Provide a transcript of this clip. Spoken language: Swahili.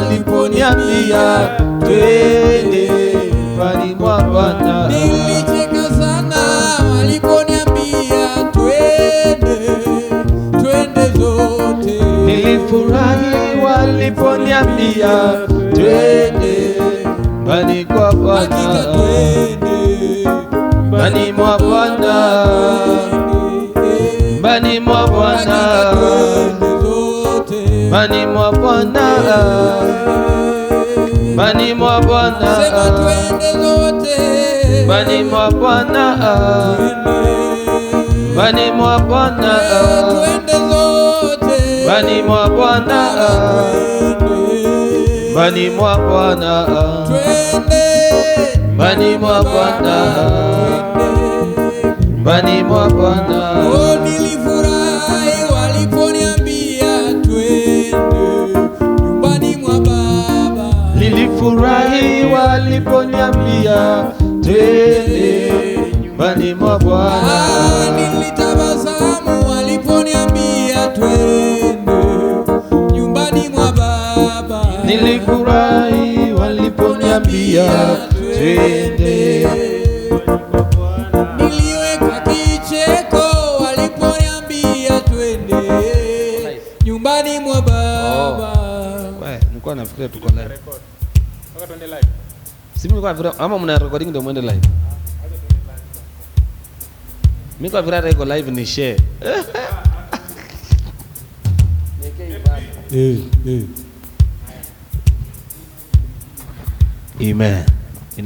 aliponiambia twende mbali mwa Bwana. Nilicheka sana aliponiambia twende twende zote. Nilifurahi waliponiambia twende mbali kwa Bwana, mbali mwa Bwana, mbali mwa Bwana banimwa bwana banimwa bwana banimwa bwana banimwa bwana banimwa bwana banimwa bwana banimwa bwana banimwa bwana Nilifurahi waliponiambia twende nyumbani mwa Bwana. Ah, nilitabasamu waliponiambia twende nyumbani mwa Baba. Nilifurahi waliponiambia twende nyumbani mwa Baba. Oh. Nilikuwa nafikiria tuko live. Mpaka tuende live. Si mimi kwa vira ama mna recording ndio muende live. Mimi kwa vira iko live ni share. Amen.